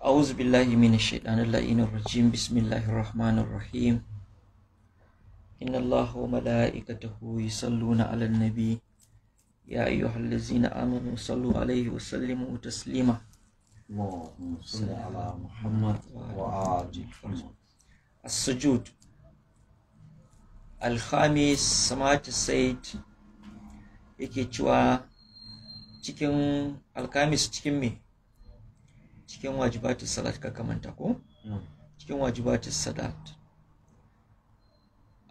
أعوذ بالله من الشيطان اللعين الرجيم بسم الله الرحمن الرحيم إن الله وملائكته يصلون على النبي يا أيها الذين آمنوا صلوا عليه وسلموا تسليما اللهم صل على محمد وآل محمد السجود الخامس سماعة السيد yake cewa cikin alkamis cikin me cikin wajibatis salat ka kamanta ko cikin wajibatis salat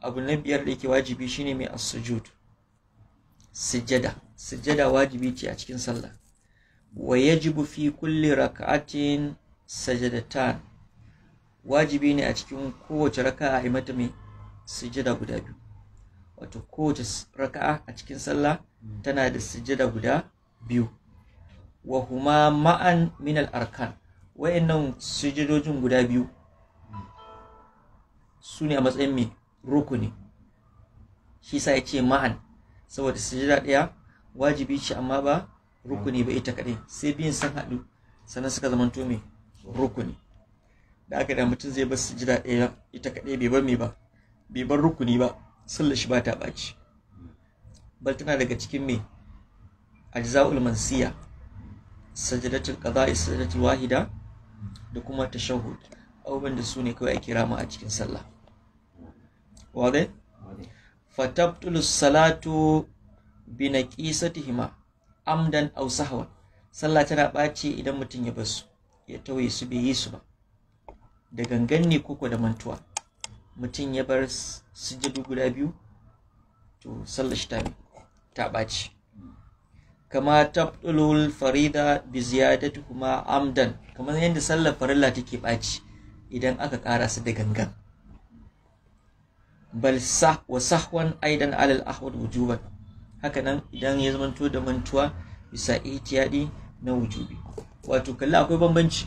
abu na biyar da yake wajibi shine mai as-sujud sujada sujada wajibi ce a cikin sallah wa yajibu fi kulli rak'atin sajadatan wajibi ne a cikin kowace raka'a a mata mai sujada guda biyu wato kowace raka'a a cikin sallah hmm. tana da sujada guda biyu wa huma ma'an min arkan wayannan sujudojin guda biyu su ne a matsayin mai rukuni shi sa ya ce ma'an saboda sujada ɗaya wajibi ce amma ba rukuni ba ita kaɗai sai biyun sun haɗu sannan suka zama tome rukuni da aka da mutum zai bar sujada ɗaya ita kaɗai bai bar mai ba bai bar rukuni ba sallar shi ba ta ɓaci bal tana daga cikin mai ajza'ul mansiya sajadatul qada'i sajadatul wahida da kuma tashahhud abubuwan da su ne kawai ake rama a cikin sallah wadai fatabtul salatu bi naqisatihima amdan aw sallah tana ɓaci idan mutum ya basu ya tawaye su bai yi su ba da gangan ne koko da mantuwa mutum ya bar sujudu guda biyu to Sallah shi ta ɓaci kama tabdulul farida bi ziyadatuhuma amdan kamar yadda sallar farilla take baci idan aka ƙara su da gangan bal sah wa sahwan aidan alal ahwad wujuban haka nan idan ya zamanto da mantuwa bisa ihtiyadi na wujubi wato kalla akwai bambanci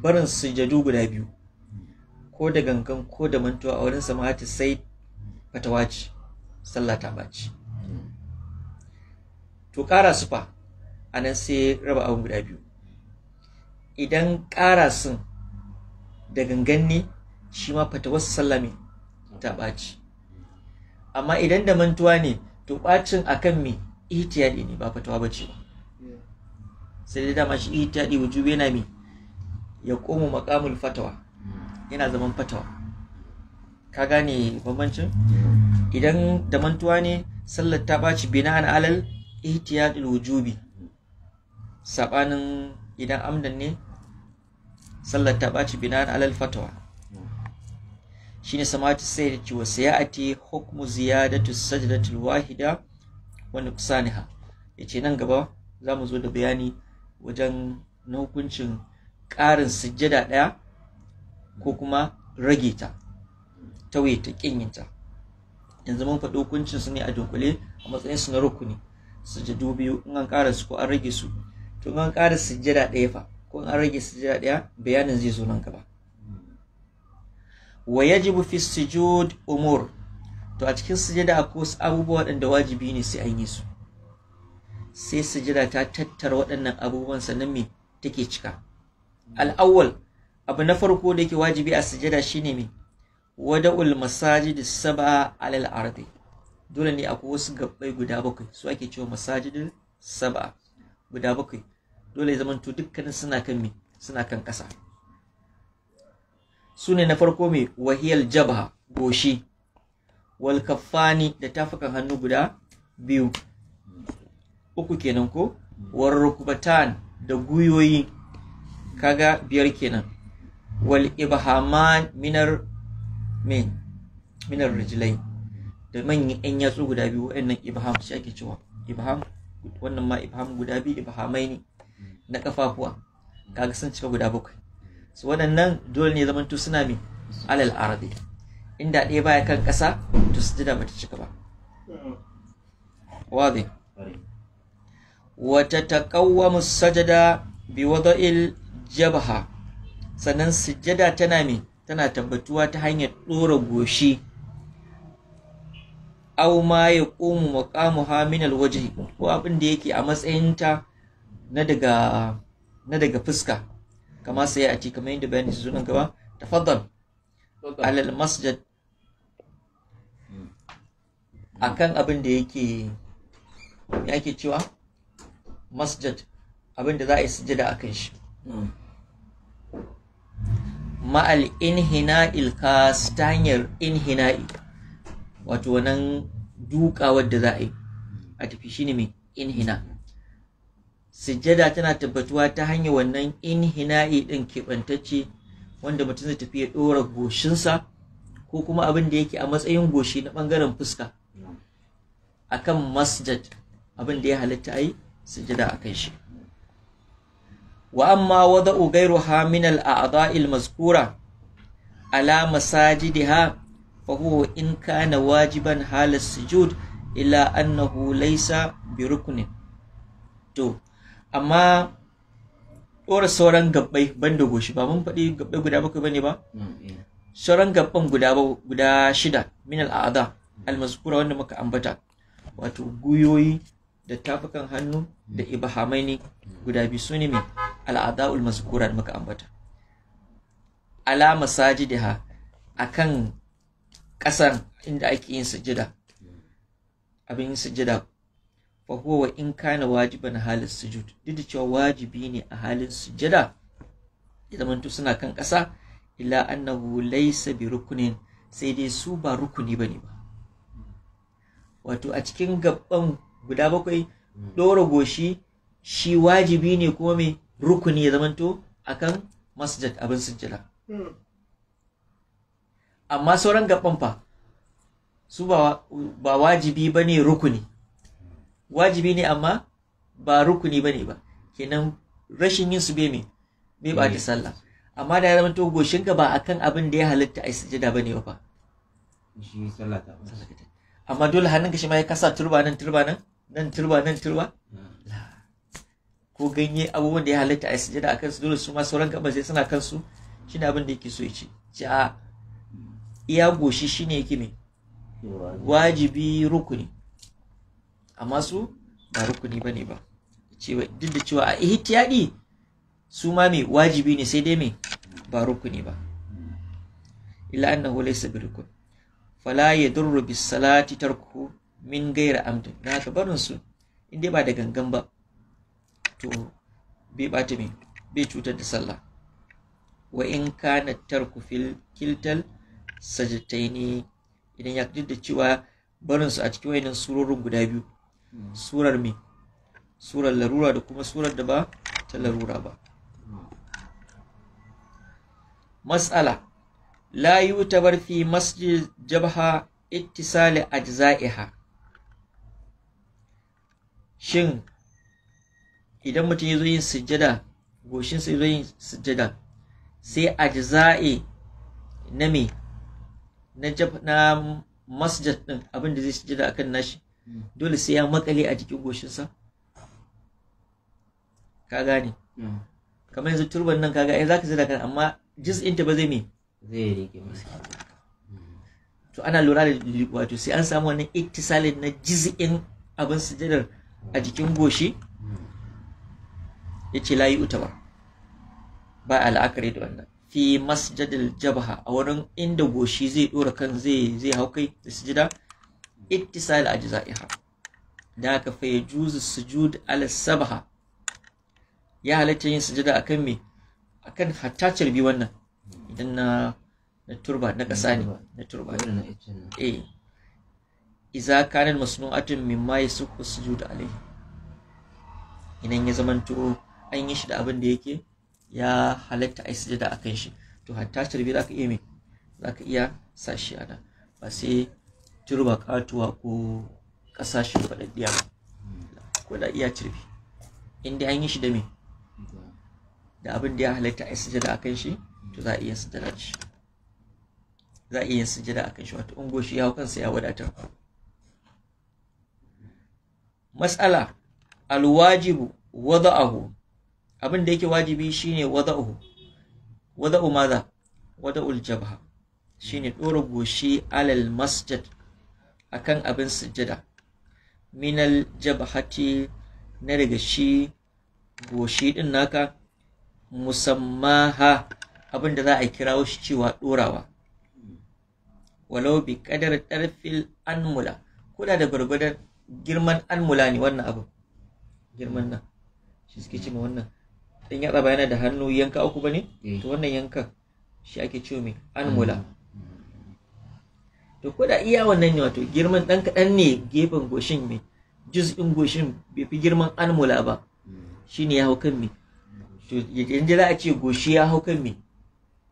barin sujadu guda biyu ko da gangan ko da mantuwa a wurin samata sai fatawa ce sallah ta baci to ƙara su fa a nan sai raba abin guda biyu idan ƙara sun da gangan ne shi ma fata wasu sallame ta ɓaci amma idan da mantuwa ne to ɓacin kan me ihtiyadi ne ba fatawa ba ce ba sai dai dama shi ihtiyadi wujubi yana me ya komo makamul fatawa yana zaman fatawa ka gane bambancin idan da mantuwa ne sallar ta ɓaci bina an alal ihtiyadul wujubi sabanin idan amdan ne sallar ta baci binan alal fatawa shine samatu sai da ciwo sai ati hukmu ziyadatu sajdatul wahida wa nuksanha yace nan gaba zamu zo da bayani wajen na hukuncin ƙarin sujjada ɗaya ko kuma rage ta ta ta yanzu mun faɗi hukuncin su ne a dunkule a matsayin su na rukuni sujadu biyu in an ƙara su ko an rage su to in an ƙara sujada ɗaya fa ko an rage sujada ɗaya bayanin zai zo nan gaba wa yajibu fi sujud umur to a cikin sujada akwai abubuwa waɗanda wajibi ne sai an yi su sai sujada ta tattara waɗannan abubuwan sannan me take cika al al-awwal abu na farko da yake wajibi a sujada shine me wada'ul masajid sab'a alal ardi dole ne akwai wasu gabbai guda bakwai su ake cewa masajidin saba guda bakwai dole ya zamanto dukkanin suna kan mi suna kan ƙasa su na farko mai wahiyar jabha goshi wal da tafukan hannu guda biyu uku kenan ko war rukbatan da guyoyi kaga biyar kenan wal ibhaman minar min minar rijlai da manyan yan yatsu guda biyu wa'annan ibham shi ake cewa ibham wannan ma ibham guda biyu ibhamai ne na kafafuwa kaga sun cika guda bakwai su waɗannan dole ne tu suna mai alal ardi inda ɗaya baya kan ƙasa to su jida bata cika ba wadi wata taqawwamu sajada bi wada'il jabha sannan sujada tana mai, tana tabbatuwa ta hanyar ɗora goshi aw ma yaqumu maqamuha min alwajhi ko abin da yake a matsayinta na daga na daga fuska kama sai a ci kamar yadda bayani su nan gaba tafaddal alal masjid akan abin da yake yake cewa masjid abin da za a yi sujada akan shi hmm. ma'al inhina ilkas ta hanyar inhina'i wato wannan duka wadda za a yi a tafi ne mai inhina sujjada tana tabbatuwa ta hanyar wannan inhina'i din keɓantacce wanda mutum zai tafi ya ɗora goshinsa ko kuma abin da yake a matsayin goshi na ɓangaren fuska kan masjid abin da ya halitta a yi sujjada a kan shi wa amma wada'u gairu ha min al-a'dha'il mazkura ala فهو in كان wajiban حال السجود إلا أنه ليس بركن to amma ɗora sauran gabbai banda goshi ba mun faɗi gabbai guda bakwai bane ba mm, sauran gabban guda shida min al'ada almazkura wanda muka ambata wato guyoyi da tafukan hannu da mm. ibahamai ne guda biyu su ne mai al'ada ulmazkura da muka ambata ala masajidiha akan ƙasar inda ake yin sujida abin yin sujida fa huwa wa in kana wajiban halin sujud duk da cewa wajibi ne a halin sujida ya to suna kan ƙasa illa annahu laysa bi rukunin sai dai su ba rukuni bane ba wato a cikin gaban guda bakwai ɗora goshi shi wajibi ne kuma mai rukuni ya zamanto akan masjid abin sujada. Hmm. amma sauran gaban fa su ba wajibi ba ne rukuni wajibi ne amma ba rukuni ba ne ba kenan rashin yin su bai me bai ba ta sallah amma da ya zama to goshin ga ba akan abin da ya halitta a sujada bane ba amma dole hannun ka shi ma ya kasa turba nan turba nan nan turba nan turba hmm. ko ganye abubuwan da ya halitta ai sujada akan su dole su ma sauran gaban sai suna kansu shi ne abin da yake so ya ce a iya goshi shine yake wajibi rukuni amma su ba rukuni bane ba duk da cewa a ihtiyadi su ma me wajibi ne sai dai me ba rukuni ba illa annahu laysa bi rukun fala yadurru bis salati tarku min ghairi amdin na ka barin su in dai ba da gangan ba to bai bata mai bai cutar da sallah wa in kana tarku fil kiltal sajataini idan ya duk da cewa barinsu a cikin wayannan surorin guda biyu hmm. surar me surar larura da kuma surar da ba ta larura ba matsala la yutabar fi masjid jabha ittisali ajza'iha shin idan mutum ya zo yin sujjada goshinsa ya zo yin sujjada sai ajza'i na me na na masjid din abin da zai da akan nashi hmm. dole sai ya makale a jikin goshinsa ka gane hmm. kamar yanzu turban nan kaga ai zaka zira kan amma juz'in ta ba zai me zai rike masa to ana lura da wato sai an samu wannan ittisalin na juz'in abin sujadar a jikin goshi hmm. yace layi yi uta ba ba al'akari da wannan fi masjadil Jabaha, a wurin inda goshi zai dora kan zai zai hau kai da sujada ittisal ajza'iha da ka fa yajuzu sujud ala sabha ya halatta yin sujada akan me akan hatta carbi wannan idan na na turba na ƙasa ne na turba eh iza kana masnu'atun mimma yasuhu sujud alayhi idan ya zamanto an yi shi da abin da yake ya halatta a yi sujada a kan shi to hatta shirbi za ka iya mai za ka iya sa shi a nan ba sai turba katuwa ko ƙasashen faɗaɗɗiya ba ko da iya turbi in dai an yi shi da mai da abin da ya halatta a yi sujada a kan shi to za a iya sujada shi za a iya sujada a kan shi wato ungo shi ya hau kansa ya wadatar matsala alwajibu wada'ahu abin da yake wajibi shine wada'u wada'u maza wada'ul jabha shine dora goshi alal masjid akan abin sujjada minal jabhati na daga shi goshi din naka musammaha abin da za a kira shi cewa dorawa walau bi kadar tarfil anmula kuna da gwargwadon girman anmula ne wannan abu girman nan shi suke ce wannan in ya tsaba yana da hannu yanka uku ba ne eh. to wannan yankan shi ake ciwo mai an mula to ko da iya wannan ne wato girman dan kaɗan ne gefen goshin mai juz'in goshin bai fi girman an mula ba hmm. shine ya hau kan mai to yanzu za a ce goshi ya hau kan mai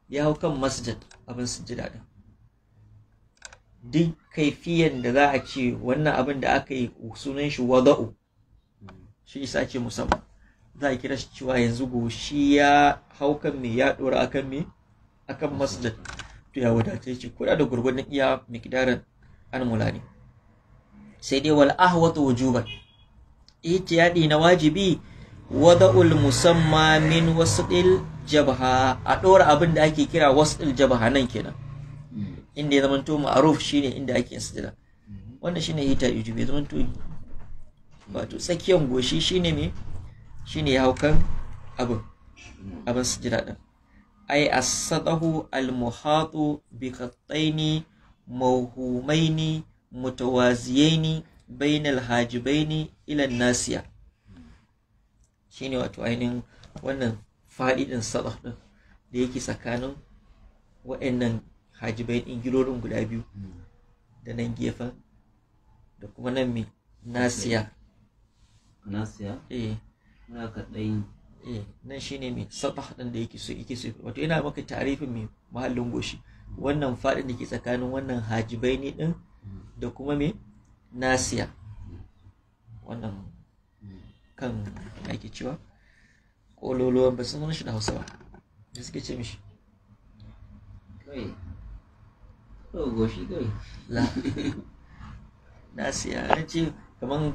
ya hau kan masjid abin sujjada din duk kaifiyan da za a ce wannan abin da aka yi sunan shi wada'u hmm. shi isa ce musamman za a kira shi cewa yanzu goshi ya hau kan me ya dora akan me akan masdar to ya wadace shi kuɗa da gurgurdan iya miqdarin an mulani sai dai wal ahwatu wujuban ya na wajibi wada'ul musamma min wasdil jabha a dora abin da ake kira wasdil jabha nan kenan inda ya zamanto ma'ruf shine inda ake sujada wannan shine hita zama zamanto wato tsakiyar goshi shine me shine ya hau kan abin abin su jira din ai a sadahu al-muhatu bi qattaini mawhumaini mutawaziyaini bainal hajibaini ilan nasiya ne wato ainihin wannan faɗi sadah ɗin da yake tsakanin waannan Hajibain ɗin guda biyu da nan gefen da kuma nan mai nasiya eh. na kaɗai eh nan shine mai sabah ɗin da yake so yake so wato yana maka tarifin mai mahallin goshi wannan faɗin da ke tsakanin wannan hajibai ne ɗin da kuma mai nasiya wannan kan ake cewa ƙololuwan ba sun shi da hausa ba da suke ce mishi goshi kai la nasiya an ce kamar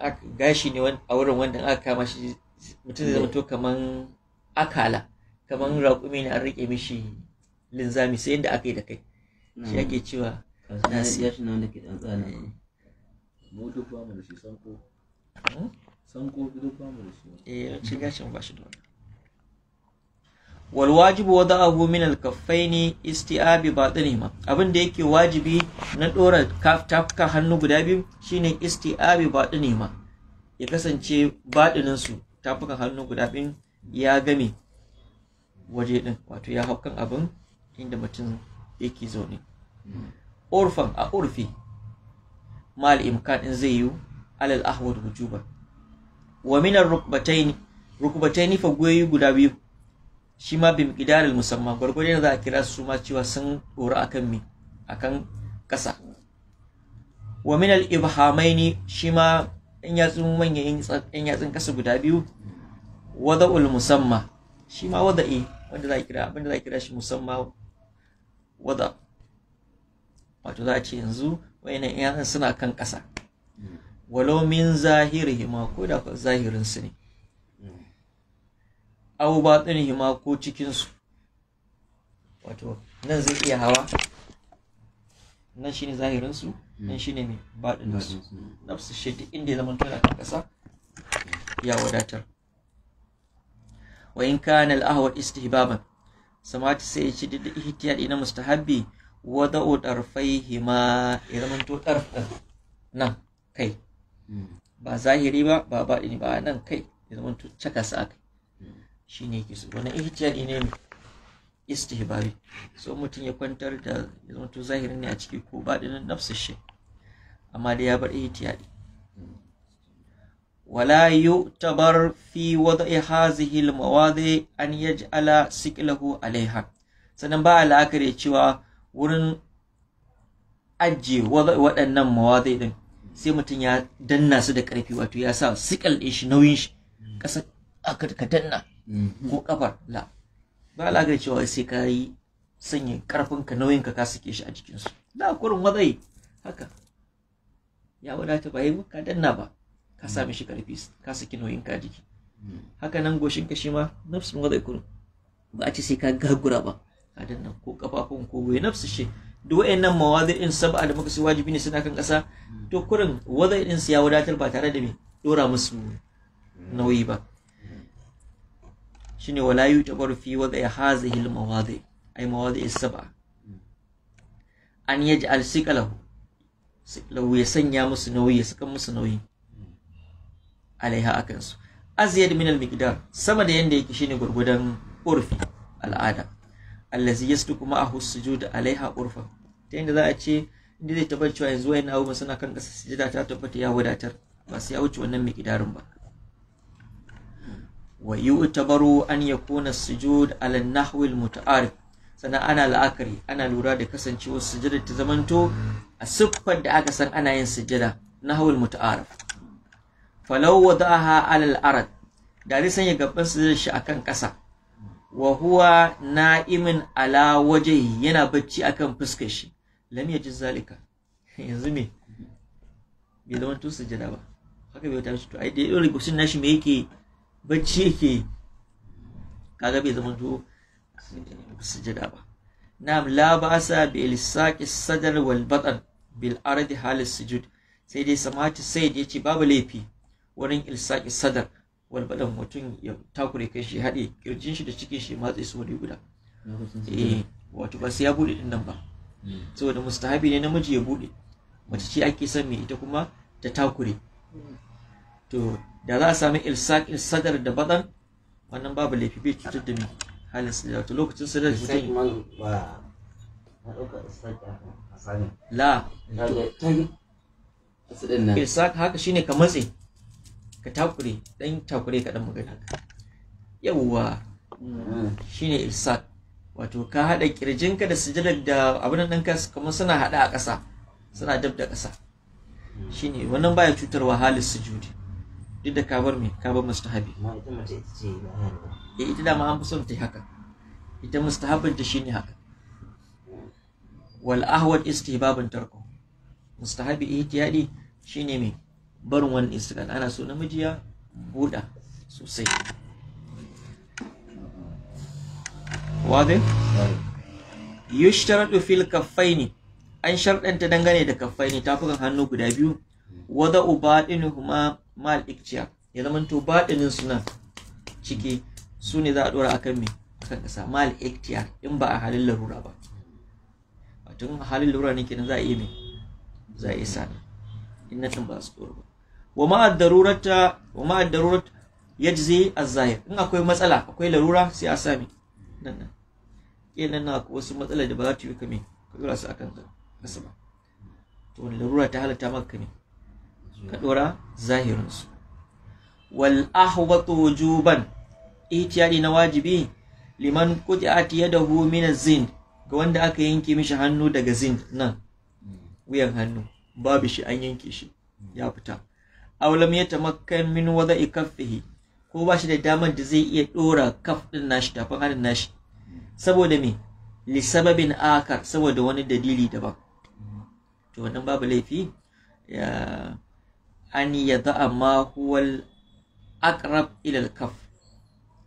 aka gashi ne a wurin wanda aka kama shi mutum zai zama to kaman akala kamar mm. raƙumi na an riƙe mishi linzami sai inda aka yi da kai shi mm. ake cewa ke nasir eh. mu duk ba mu da shi sanko hmm? sanko duk ba mu da shi eh ci gashin ba shi da wani wal wajibu wada'ahu min al kaffaini isti'abi batinihima abin da yake wajibi na dora tafka hannu guda biyu shine isti'abi batinihima ya kasance batinin su hannu guda biyu ya game waje din wato ya haukan abin inda mutum yake zaune urfan a urfi mal imkan in zai yiwu alal ahwad wujuban wa min ar-rukbatayn rukbatayn fa guda biyu shi ma bi miqdaril musamman gwargwado za a kira su ma cewa sun dora akan mi kan kasa wa min al ibhamaini shi ma ɗan yatsun manyan ɗan yatsun kasa guda biyu ul musamma shi ma e wanda za a kira abinda za a kira shi musamman wada wato za a ce yanzu wayannan yatsun suna kan ƙasa. walau min ma ko da zahirin su ne au hima ko cikinsu wato nan zai iya hawa nan shine zahirinsu nan hmm. shine mai su hmm. nafsu shi duk inda ya zama tana kan ƙasa ya wadatar wa in kana al-ahwa istihbaban samati sai ya ci duk ihtiyadi na mustahabbi wada'u darfaihima ya zama to darfin nan kai hmm. ba zahiri ba ba baɗini ba nan kai ya zama to cakasa kai shine yake so wannan ihtiyadi ne istihbabi so mutum ya kwantar da ya zahirin ne a ciki ko ba dinin nafsu shi amma dai ya bar ihtiyadi yu tabar fi وضع hazihi المواضع an yaj'ala سكله alaiha sannan ba la'akari cewa wurin ajiye waɗannan mawaɗai din sai mutum ya danna su da ƙarfi wato ya sa sikal ɗin shi nauyin shi ƙasa aka danna ko kafar la ba la ga cewa sai ka yi sanya karfin ka nauyin ka ka sike shi a jikin su la kurin wazai haka ya wadata ba yi ka danna ba ka sa mishi karfi ka sike nauyin ka jiki haka nan goshin ka shi ma nafsu wazai kurin ba a ce sai ka gagura ba ka danna ko kafafun ko goyi nafsu shi duk wayannan mawadi'in sab'a da muka sai wajibi ne suna kan kasa to kurin wazai din su ya wadatar ba tare da me dora musu nauyi ba shine wala yutabar fi wadai hazihi almawadi ay mawadi as-sab'a an yaj'al siqalahu lau ya sanya musu nauyi ya saka musu nauyi alaiha akan su azyad min al-miqdar sama da yanda yake shine gurgudan urfi al'ada allazi yasduqu ma'ahu sujud alaiha urfa ta yanda za a ce inda zai tabbacewa yanzu yana abubuwan suna kan kasa sujada ta tabbata ya wadatar ba sai ya wuce wannan mikidarin ba ويعتبر أن يكون السجود على النحو المتعارف sannan ana la'akari ana lura da kasancewar sujada ta zamanto a siffar da aka san ana yin sujada na hawul muta'arif falau wada'aha alal arad da zai sanya gaban sujada shi akan ƙasa wa huwa na'imin ala waje yana bacci akan fuskar shi lam yaji zalika yanzu bacci yake yi kaga bai zama to sujada ba na'am Labasa bai bi ilsaqi sadr wal batn bil ardi hal sujud sai dai samati sai ya ce babu laifi wurin ilsaqi sadr wal mutum ya takure kai shi hade kirjin shi da cikin shi matsayi su wani guda eh, wato ba sai ya bude din nan ba hmm. saboda mustahabi ne namiji ya bude mace ce ake son me ita kuma ta takure hmm. to da za a sami ilsak sadar da baɗan wannan babu laifi bai cutar da mai halin sadar to lokacin sadar da mutum la ilsak haka shine ka matse ka takure ɗan takure ka ɗan magana yawwa shine ilsak wato ka haɗa ƙirjinka da sujadar da abin nan ka kamar suna haɗa a ƙasa suna dab da ƙasa shine wannan baya cutarwa halin sujudi duk da ka bar me ka bar mustahabi ma ita mace eh, ita ce ba ita dama an fi son ta yi haka ita mustahabin ta shine haka wal ahwad istihbabun tarko mustahabi shi shine mai barin wani istiqal ana so namiji ya buda sosai wade yushtaratu fil kaffaini an sharɗanta dangane da kaffaini tafukan hannu guda biyu wada kuma mal ikciya ya zama to baɗinin suna ciki su ne za a ɗora akan mai akan ƙasa mal ikciya in ba a halin larura ba a halin larura ne kenan za a iya mai za a yi sa in na ba su ɗora ba wa ma'ad darurata wa ma'ad darurat yajzi az-zahir in akwai matsala akwai larura sai a sami nan nan kenan na wasu matsala da ba za ta yi kame ka zura su akan ƙasa ba to larura ta halatta maka kame ka dora zahirinsu wal ahwatu wujuban ihtiyadi na wajibi liman a tiye da mina zin ga wanda aka yanke mishi hannu daga zin nan wuyan hannu babu shi an yanke shi ya fita aw lam yatamakkan min wada'i kaffihi ko ba shi da damar da zai iya dora kaf din nashi tafin hannun nashi saboda me li sababin akar saboda wani dalili daban to wannan babu laifi ya an yada'a ma huwal akrab ila kaf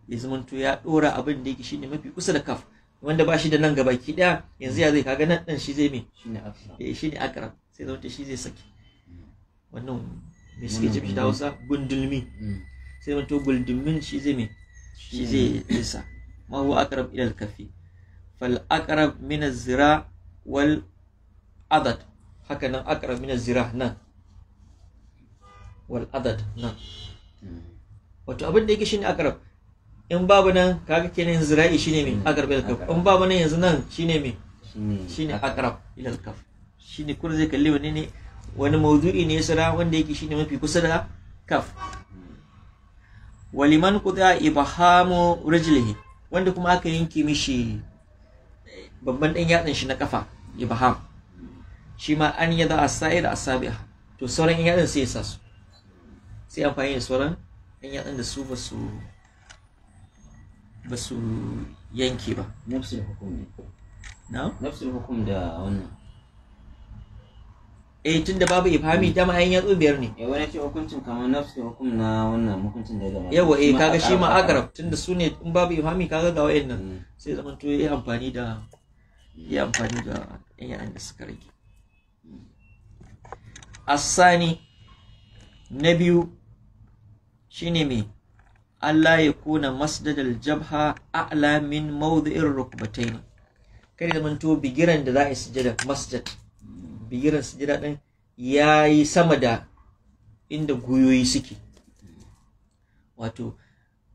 ya zamanto ya dora abin da yake shine mafi kusa da kaf wanda ba shi da nan gabaki daya yanzu ya zai kaga nan dan shi zai me shine aqrab eh shine akrab. sai zamanto shi zai saki wannan me suke jin shi da Hausa gundulmi sai zamanto gundulmin shi zai me shi zai isa ma huwa aqrab kafi fal akrab min zira wal adad haka nan mina min zira nan wal adad nan hmm. wato abin da yake shine agarab in babu nan kaga kenan yanzu zira'i shine mai hmm. agarab ilal kaf in babu nan yanzu nan shine mai shine agarab ilal kaf shine kun zai kalli wani ne wani mawdu'i ne sara wanda yake shine mafi kusa da kaf hmm. waliman kuda ibahamu rijlihi wanda kuma aka yanke mishi babban ɗan yatsan shi na kafa ibaham shi ma an yada asair asabiha to sauran yatsan sai ya sa su sai amfani da sauran hanyar yatsun da su basu basu yanke ba nafsul hukum ne na nafsul hukum da wannan eh tunda babu ta hmm. ma yan yatsu biyar ne eh wani ce hukuncin kamar nafsul hukum na wannan hukuncin da ya zama yawa eh kaga shi ma agarab tunda su ne in babu ifami kaga ga wayannan hmm. sai zaman to yi amfani da yayi amfani da yan yatsun da suka rage hmm. asani na biyu ne me Allah ya kuna masdadal jabha a'la min mawdi'ir rukbatayn kada zaman to bigiran da za a sujada masjid bigiran sujada din yayi sama da inda guyoyi suke wato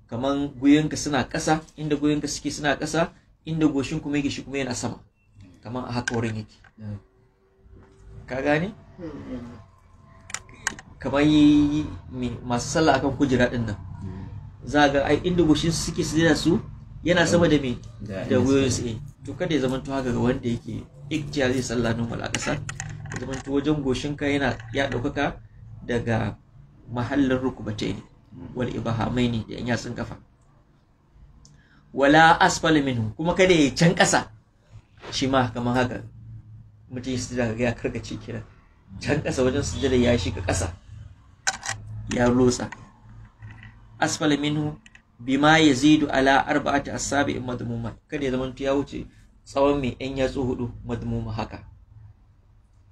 kaman guyonka suna ƙasa inda guyonka suke suna ƙasa inda goshin kuma yake shi kuma yana sama kaman a haka wurin yake ka gane hmm. kamar yi masu sallah akan kujera din nan hmm. za ga ai inda goshin suke su da su yana hmm. sama da me da gwiwoyin eh. to kada ya zama to haka ga wanda yake ikhtiyar zai sallah nan wal aqsa ya zama to wajen goshin ka yana ya daukaka daga mahallin rukubatai ne hmm. wal ibahamai ne da yan yatsun kafa wala asfala minhu kuma kada ya can kasa shi ma kamar haka mutum ya sujada ya karkace kira can kasa wajen sujada ya shiga kasa ya rusa asfali minhu bima ya zidu ala arba'ati asabi in madmuma kada ya zama ya wuce tsawon mai yan yatsu hudu madmuma haka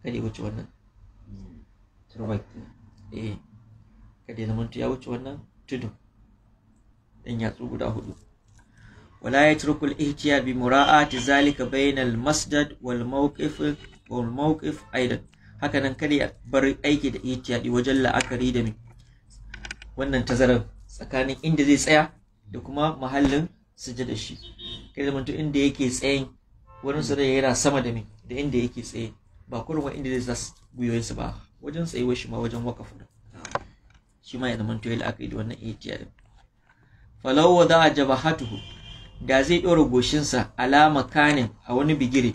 kada ya wuce wannan eh kada ya zama ya wuce wannan tudu yan yatsu guda hudu wala ya turkul ihtiyar bi mura'ati zalika bainal masdad wal mawqif wal mawqif aidan haka nan kada ya bar aiki da ihtiyadi wajen la'akari da mai wannan tazarar tsakanin inda zai tsaya da kuma mahallin da shi kai zama inda yake tsayin wurin sujjada yana sama da me da inda yake tsaye ba kurwa inda zai zas su ba wajen tsayuwar shi ma wajen wakafu shi ma ya zamanto ya la'akari da wannan ihtiya din za jaba jaba hatuhu da zai ɗora goshinsa alama kanin a wani bigire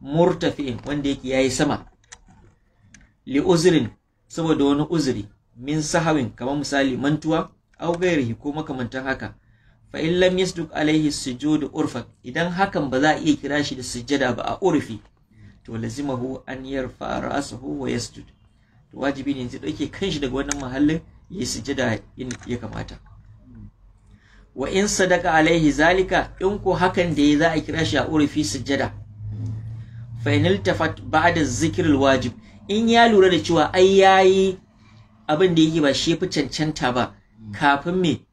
murtafi'in wanda yake yi sama li'uzirin saboda wani uzuri min sahawin kamar misali mantuwa aw gairihi ko makamantan haka fa in lam yasduq alaihi sujud urfa idan hakan ba za a iya kira shi da sujjada ba a urfi to lazimahu an yarfa ra'sahu wa yasjud to wajibi ne zai dauke shi daga wannan mahallin yi sujjada in ya kamata wa in sadaka alaihi zalika in ko hakan da ya za a kira shi a urfi sujjada fa in iltafat ba'da zikr alwajib in ya lura da cewa ai yayi abin da yake ba shi fi cancanta ba hmm. kafin me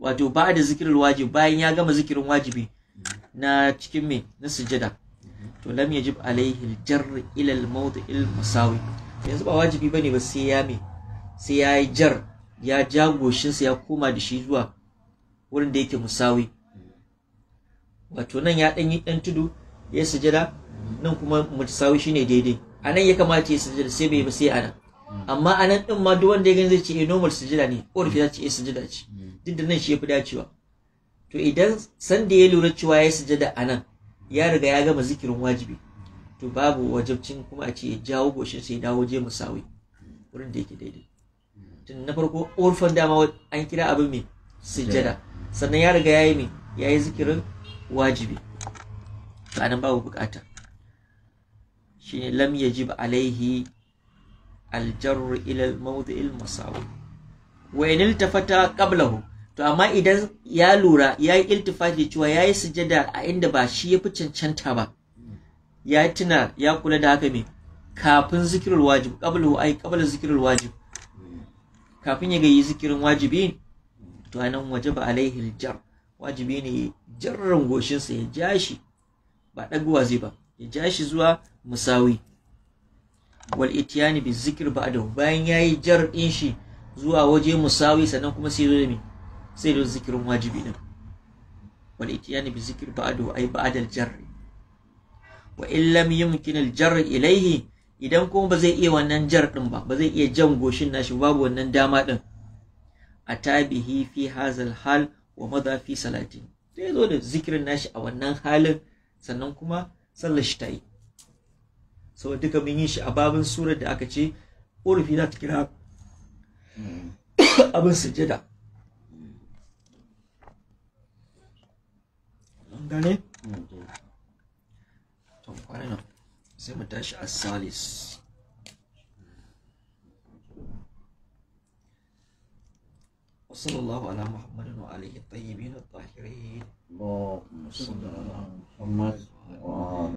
wato ba da zikirin wajibi bayan ya gama zikirin wajibi na cikin me na sujada hmm. to lam yajib alaihi jar ila al mawdi'il musawi yanzu ba wajibi bane ba sai ya me sai ya yi jar ya jagoshinsa ya koma da shi zuwa wurin da yake musawi wato nan ya ɗan yi ɗan tudu ya sujada hmm. nan kuma mutasawi shine daidai a nan ya kamata ya sujada sai bai ba sai anan amma a nan ɗin ma duk wanda ya gani zai ce eh, normal sujada ne ko rufe za ce eh sujada ce hmm. duk da nan shi ya fi dacewa to idan sanda ya lura cewa ya yi sujada a nan ya riga ya gama zikirin wajibi to babu wajabcin kuma a ce ya jawo goshin sai dawo je musawi wurin da yake daidai tun na farko orfan dama an kira abin mai sujada sannan ya riga ya yi mai ya yi zikirin wajibi ba nan babu bukata shine lam yajib alaihi aljarru ilal mawdi'il musawi wa in iltafata qablahu to amma idan ya lura ya yi iltifati cewa ya yi sujada a inda ba shi ya fi cancanta ba ya tuna ya kula da haka me kafin zikirul wajib qablahu ai qabla zikirul wajib kafin ya ga yi zikirin wajibi to anan wajaba alaihi aljar wajibi ne jarran sa ya ja shi ba ɗaguwa zai ba ya ja shi zuwa musawi wal itiyani bi zikir ba'dahu bayan yayi jar din shi zuwa waje musawi sannan kuma sai zo da me sai zo zikirin wajibi din wal itiyani bi zikir ba'dahu ay ba'da al jar wa in lam yumkin al jar ilayhi idan kuma ba zai iya wannan jar din ba ba zai iya jan goshin nashi babu wannan dama din a tabihi fi hazal hal wa madha fi salati sai zo da zikirin nashi a wannan halin sannan kuma sallar shi ta yi so duka mun yi shi a babin surar da aka ce urufi na kira abin sujjada gane? to kwanina sai mu tashi a salis وصلى الله على محمد وآله الطيبين الطاهرين اللهم صل على محمد وعلى